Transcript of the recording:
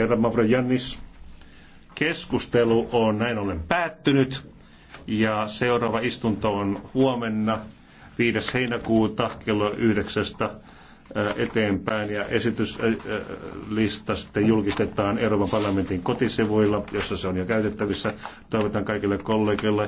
Herra Mavrojannis, keskustelu on näin ollen päättynyt ja seuraava istunto on huomenna 5. heinäkuuta kello 9 äh, eteenpäin ja esityslista äh, äh, sitten julkistetaan Euroopan parlamentin kotisivuilla, jossa se on jo käytettävissä. Toivotan kaikille kollegille